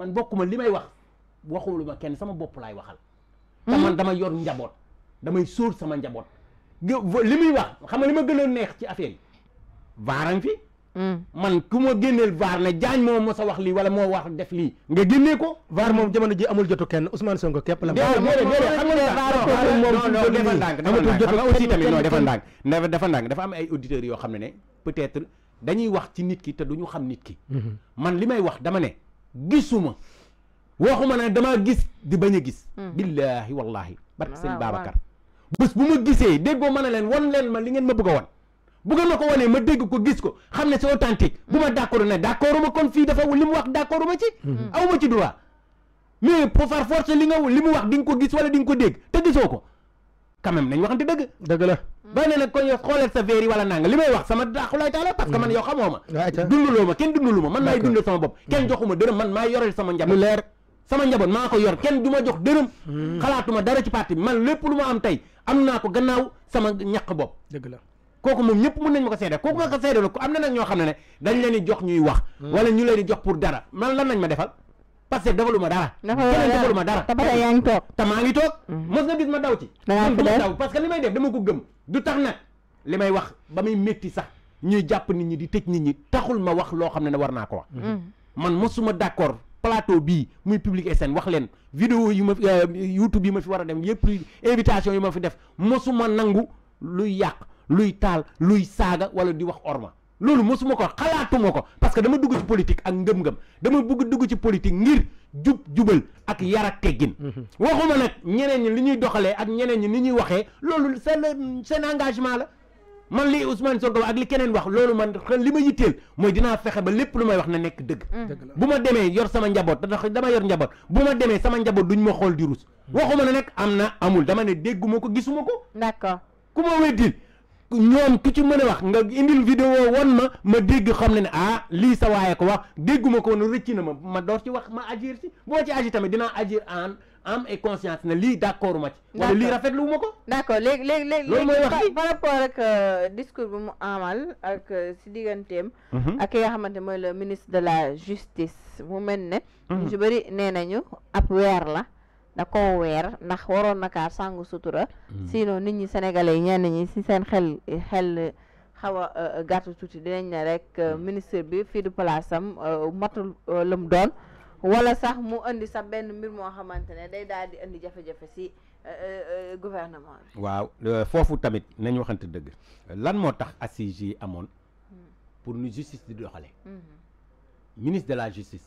man bokkuma li may wax waxulu ma kenn sama bopp laay waxal te hmm? man dama yor njaboot damay soor sama njaboot li muy wax xam nga li gën a neex ci affaire yi vaaraŋ fi hmm. man ku ma génneel vaar ne jaañ moo mos a lii wala moo wax def lii nga génnee ko vaar moom jamono ji amul jotu kenn Ousmane Sonko képp la déedéet déedéet xam nga moom defal ndànk xam nga aussi tamit non defal ndànk dafa dafa ndànk dafa am ay auditeurs yoo xam ne ne peut-être dañuy wax ci nit ki te duñu xam nit ki mm-hmm. li may wax dama ne gisuma waxuma nag damaa gis di bañ a gis hmm. billaahi wallaahi barke sëñ Babacar bés bu ma gisee déggoo ma ne leen wan leen ma li ngeen ma bëgg a wan bu ngeen ma ko wanee ma dégg ko gis ko xam ne soo authentique bu ma hmm. d'accord ne d'accord ma kon fii dafa li mu wax d'accord ma ci hmm. aw ma ci droit mais pour faire force li nga li mu wax di ko gis wala di nga ko dégg te gisoo ko quand même nañ waxante dëgg dëgg la ba ne nag kon yow xoolal sa verre yi wala nanga li may wax sama daaxulaay taala parce que man mm. yow xamoo ma dundaloo ma kenn dundaluma man maay dundal sama bopp kenn mm. joxuma dërëm man maay yorel sama njaboot lu sama njaboot maa ko yor kenn du ma jox dërëm mm. xalaatuma dara ci parti bi man lépp lu ma am tey am naa ko gannaaw sama ñaq bopp dëgg la kooku moom ñëpp mën nañ ma ko seede kooku ma ko seede la ko am na nag ñoo xam ne ne dañ leen di jox ñuy wax wala ñu leen di jox pour dara man lan nañ ma defal parce que defalu ma dara dafa defalu ma dara te yaa ngi toog te maa ngi tok mos na gis ma daw ci parce que limay def dama ko gëm du tax nag limay wax ba metti sax ñuy japp nit ñi di tej nit ñi taxul ma wax lo xamne war na ko wax hmm. man mosuma d'accord plateau bi muy public SN wax len vidéo yu ma euh, youtube yu ma fi wara dem yépp invitation yu ma fi def mosuma nangu luy yàq luy tal luy saga wala di wax orma loolu mosuma ko xalaatuma ko parce que dama dugg ci politique ak ngëm-ngëm dama bëgg dugg ci politique ngir jub jubal ak yar ak teggin. Mm-hmm. waxuma nag ñeneen ñi li ñuy doxalee ak ñeneen ñi ni ñuy waxee loolu seen seen engagement la man li Ousmane Sonko ak li keneen wax loolu man li ma yitteel mooy dinaa fexe ba lépp lu may wax na nekk dëgg. Mm. bu ma demee yor sama njaboot ndax dama yor njaboot bu ma demee sama njaboot duñ ma xool di rus. Mm. waxuma ne nag am na amul dama ne dégguma ko gisuma ko. d'accord ku ma weddil ñoom ku ci mën a wax nga indil vidéo won ma ma dégg xam ne ne ah lii sa waaye ko wax dégguma ko woon rëcc na ma ma door ci wax ma agir ci boo ci agir tamit dinaa agir en am et conscience na lii d' accord ma ci. wala lii rafetlu wu ma ko. d' accord léegi léegi léegi. loolu mooy wax par rapport ak euh, discours bu mu amal ak euh, si digganteem. Mhm. ak ki nga xamante mooy le ministre de la justice mu mel ne. Mhm. ñu ci bëri nee nañu ab weer la. da koo weer ndax waroon na kaa sàngu sutura sinon nit ñi sénégalais yi ñenn ñi si seen xel xel xaw a gàttu tuuti dinañ ne rek ministre bi fii du place am matul lu mu doon wala sax mu indi sax benn mbir moo xamante ne day daal di indi jafe-jafe si gouvernement bi waaw foofu tamit nañ waxante dëgg lan moo tax assises yi amoon pour nu justice di doxale ministre de la justice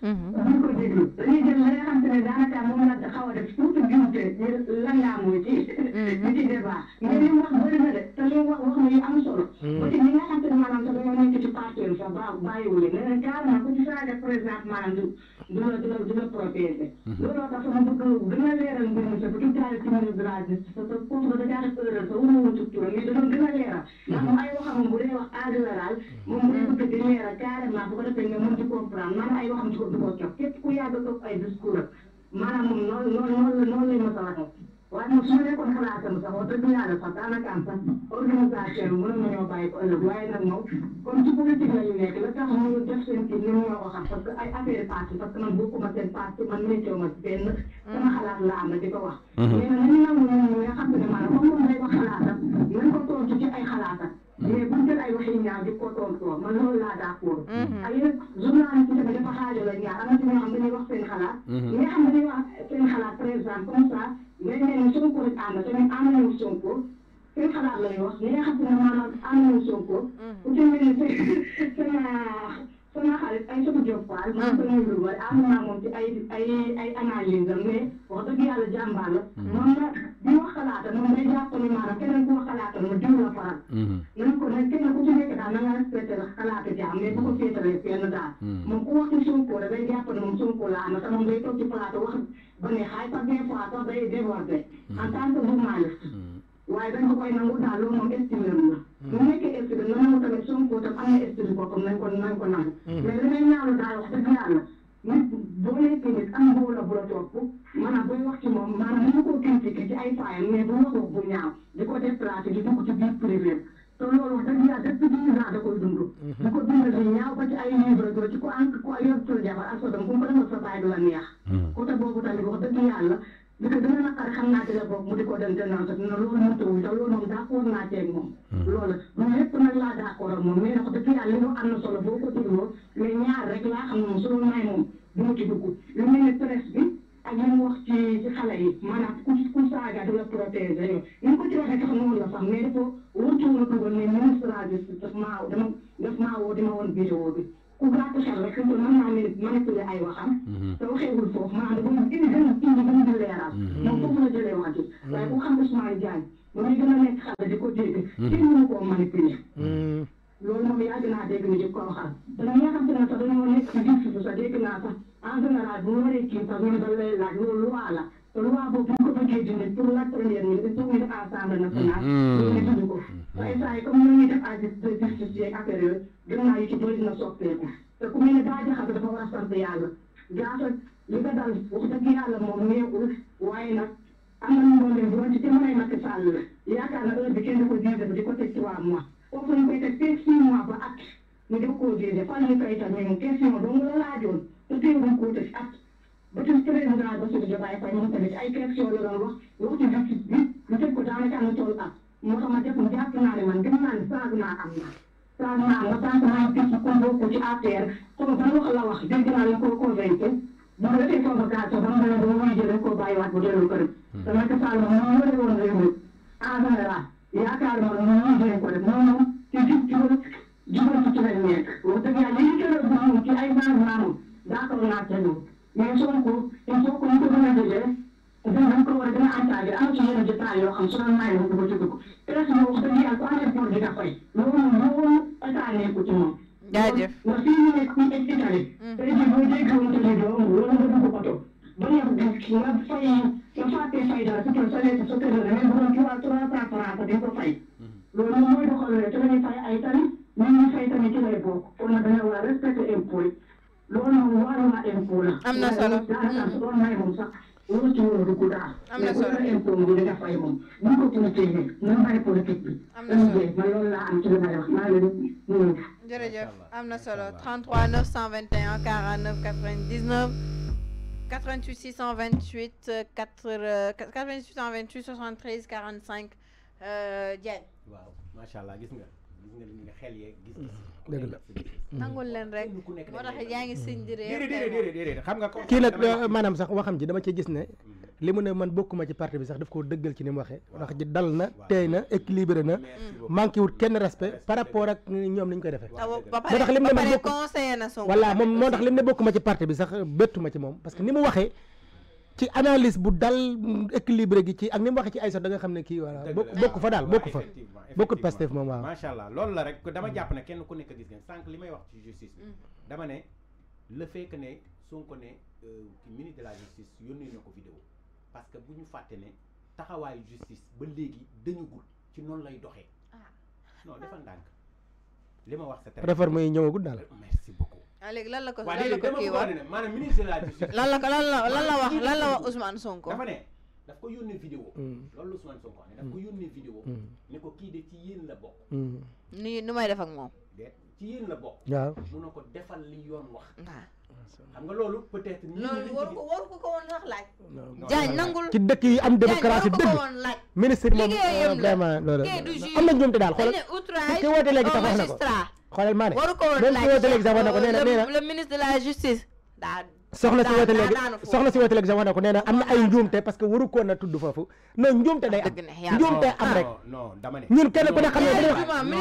Dugg déglu léegi la nga xam te ne daanaka moom la xaw a def tuuti juumte lan laa mooy ci ñu ci débat mais li mu wax bëri na de te li mu wax wax na yu am solo ba ci ñi nga xam te ne maanaam sax dañoo nekk ci parti bi sax ba bàyyiwu leen nee na carrément ku ci saaga président maanaam du du la du la du la protéger looloo tax sama bëgg gën a leeral mbir mi sax bu ci jaaree ci ministre de la justice parce que contre da jaaree erreur sax wuma woon ci turam mais dama gën a leeral ndax moom ay waxam bu dee wax en général moom bu dee bëgg di leeral carrément bu ko defee nga mën ci comprendre man ay waxam ci discours du ko jox képp ku yàgg toog ay discours ak maanaam moom noonu noonu noonu lañ ma sa waxee waaye moom su ma nekkoon xalaatam sax wax dëgg yàlla sax daanaka am sax organisation bi mënoon nañoo bàyyi ko ëllëg waaye nag moom comme ci politique la ñu nekk la tax ñu def seen kii ñoom ñoo ko xam parce que ay affaire parti parce que man bokkuma seen parti man météo ma benn mm. sama xalaat la am na di ko wax mm-hmm. mais nag nañu nangu ñoom ñi nga xam ne maanaam comme moom day wax xalaatam nañ ko tontu ci ay xalaat ay waxin nga di ko tontoo man loolu laa d'accord ak yéen journaliste yi tamit dafa xaajaloo ñaar am na ci ñoo xam dañuy wax seen xalaat ñi nga xam dañuy wax seen xalaat par exemple comme ça dañ leen Sonko rek ànd tamit ànd nañu Sonko seen xalaat lay wax ñi nga xam ne maanaam ànd nañu Sonko ku ci mel ne seen Sama ma xarit ay sama joppaal man sama luwal am naa moom ci ay ay ay analyse am mais wax dëgg yàlla jàmbaar la moom na di wax xalaatam moom day jàpp ni maanaam keneen ku wax xalaatam ma diw la faral nan ko nag kenn ku ci nekk daal na nga respecté la xalaatu jaam mais bu ko féetalee fenn daal moom ku wax ci Sonko da day jàpp ne moom Sonko la ama te moom day toog ci plateau wax ba ne xaay sax des fois sax day débordé en tant que journaliste waaye dañ ko koy nangu daal loolu moom estime la mu nekkee estime la moo tax am na esprit boppam não é nañ não é uhum. mais não é ñaanu daal wax dëgg yàlla nit boo não nit am boobu la bu la topp maanaam booy wax ci moom maanaam mënu koo critiquer ci ay faayam mais bu ma ko bu ñaaw di ko di dugg ci biir privé ñaar rek laa xam moom sunu maay moom du ma ci dugg lu mel ne presse bi ak li mu wax ci ci xale yi maanaam ku ku saaga du la protéger yow ni ko ci waxee sax noonu la sax mais dafa wóccuwul dugal ne ministre bi daf maa dama daf maa woo dama woon vidéo bi ku gàtt xel rek xëy na mën naa leen manipuler ay waxam. te waxeewul foofu maanaam bu ñu indi gën a indi gën a leeral. moom foofu la jëlee wax ji. waaye ku xam Ousmane Diagne a comunidade ñoo ngi def à justice yeeg affaire que dois naa yu ci bëri na soppeeku te ku de ne daa jaxase dafa a sant yàlla gaasa li ko dal wax dëgg yàlla moom neexul waaye nag am nañu mboolem bu doon ci jamonoy Macky Sall que yaakaar de heure é kenn eu ko jiite di ko teg trois mois foofu ñu koy teg teg six mois ba at ñu def koo jiite fan ñu koy teg ñoom question dong la laajoon te teewul koo teg at ba ci président Bassirou Diomaye Faye moom tamit que question la doon wax wax ci ci APR sama ban la wax dégg naa leen koo convaincre ba mu defee convocation ba mu ne la ba muy jël koo bàyyiwaat bu delloo këram. dama ko Sall moom moom la woon réew mi en ah, général yaakaar naa moom moom jëlee ko def moom moom te jub jubal jubal ci lañ nekk. wax dëgg yàlla li ñu tëral bu ci ay maam maamu d'accord naa ca ñoom mais Sonko il faut que ñu ko gën a jëlee dañ ko war a gën a encouragé am ci yenn détails yoo xam su doon maay moom dugg ci dugg presse moom wax dëgg yàlla ku amee pour di ko fay loolu moom loolu état nekku ci moom. jaajëf itali léegi boo dee kawantale doom wala nga dugg oto ba nga nga fay nga fàtte fay dara su tol salaire sa kër da ngay dugal trois trois cent francs di ko fay loolu mooy doxalee te dañuy fay ay tali ñun ñu fay tamit ci lay bokk kon nag dañoo war a respecter impôt yi loolu moom wàlluma impôt la am na solo daanaka su doon may moom sax loolu ci wóor dugg daal am na solo impôt moom di nga fay moom buñ ko politique bi na bàyyi politique bi am na solo man loolu laa am ci li may wax maa ngi leen nuyu jërëjëf am na solo 33 921 49 99 88 628 4 88 628 73 45 Dieng. waaw macha allah gis nga gis nga li nga xel yeeg gis-gis. dëgg la. Mm-hmm. nangul leen rek moo tax yaa ngi siñ di réer. déedéet déedéet déedéet xam nga. kii nag euh, maanaam sax waxam ji dama ci gis ne. li mu ne man bokkuma ci parti bi sax daf koo dëggal ci ni mu waxee wax ji dal na teey na équilibré na manqué wul kenn respect par rapport ak ñoom ni ñu koy defee moo tax lim ne man bokk voilà moom moo tax lim ne bokkuma ci parti bi sax béttuma ci moom parce que ni mu waxee ci analyse bu dal équilibré gi ci ak ni mu waxee ci ay sax da nga xam ne kii voilà bokk fa daal bokk fa bokkut Pastef moom waaw macha loolu rek dama jàpp ne kenn ku nekk gis ngeen sànq li may wax ci justice mm. ne le fait ne Sonko ne euh, ministre de la justice yónnee na parce que bu ñu fàtte ne taxawaayu justice ba léegi dañugul ci noonu lay doxee. Ah. non defal ndànk li ma wax sa terrain. yi ñëwagul daal. merci beaucoup. ah léegi lan la ko lan la ko kii wax maanaam ministre la la la lan la wax lan la wax Sonko. dafa ne daf ko yónnee vidéo. Mm. loolu Ousmane Sonko ne ko mm. yónnee vidéo. Mm. ne ko kii de ci yéen la bokk. ni nu may def ak moom. ci yéen la bokk. waaw mun na ko defal li yoon wax. xam nga loolu peut-être. loolu waru ko waru ko ko woon sax laaj. jaay nangul ci dëkk yi am démocratie dëgg. ministre moom vraiment loolu am na njuumte daal xoolal ki woote léegi sax wax na ko xoolal maa ne. waru ko woon laaj même ki woote léegi sax na ko nee na nee daa. soxla si woote léegi soxla si woote léegi jamono ko nee na am na ay ah. parce que waru koon na tudd foofu non njuumte day am njuumte am rek ah, ñun ku ne xam ne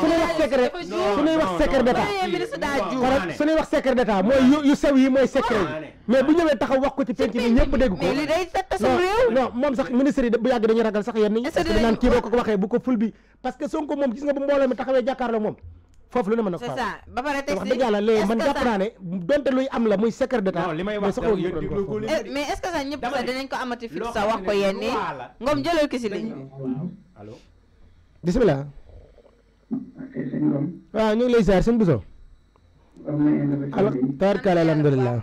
su ñuy wax secret mooy yu sew mooy secret yi mais bu ñëwee taxaw wax ko ci penc bi ñëpp dégg ko non moom sax ministre bu yàgg dañuy ragal sax yenn ñi parce que naan kii ko waxee bu ko ful bi parce que Sonko moom gis nga bu mbooloo mi taxawee jàkkaarloo moom foofu lu ne mën na ko faa ba pare tey wax dëgg yàlla léegi man jàpp naa ne donte luy am la muy secret d'état non may wax eh, que sax ñëpp sax dinañ ko amati fi sax wax ko yenn ngoom jëlal ki si bismillah waaw ñu ngi lay ziar sëñ Bousso alors tabarkalla alhamdulilah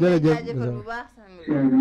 jërëjëf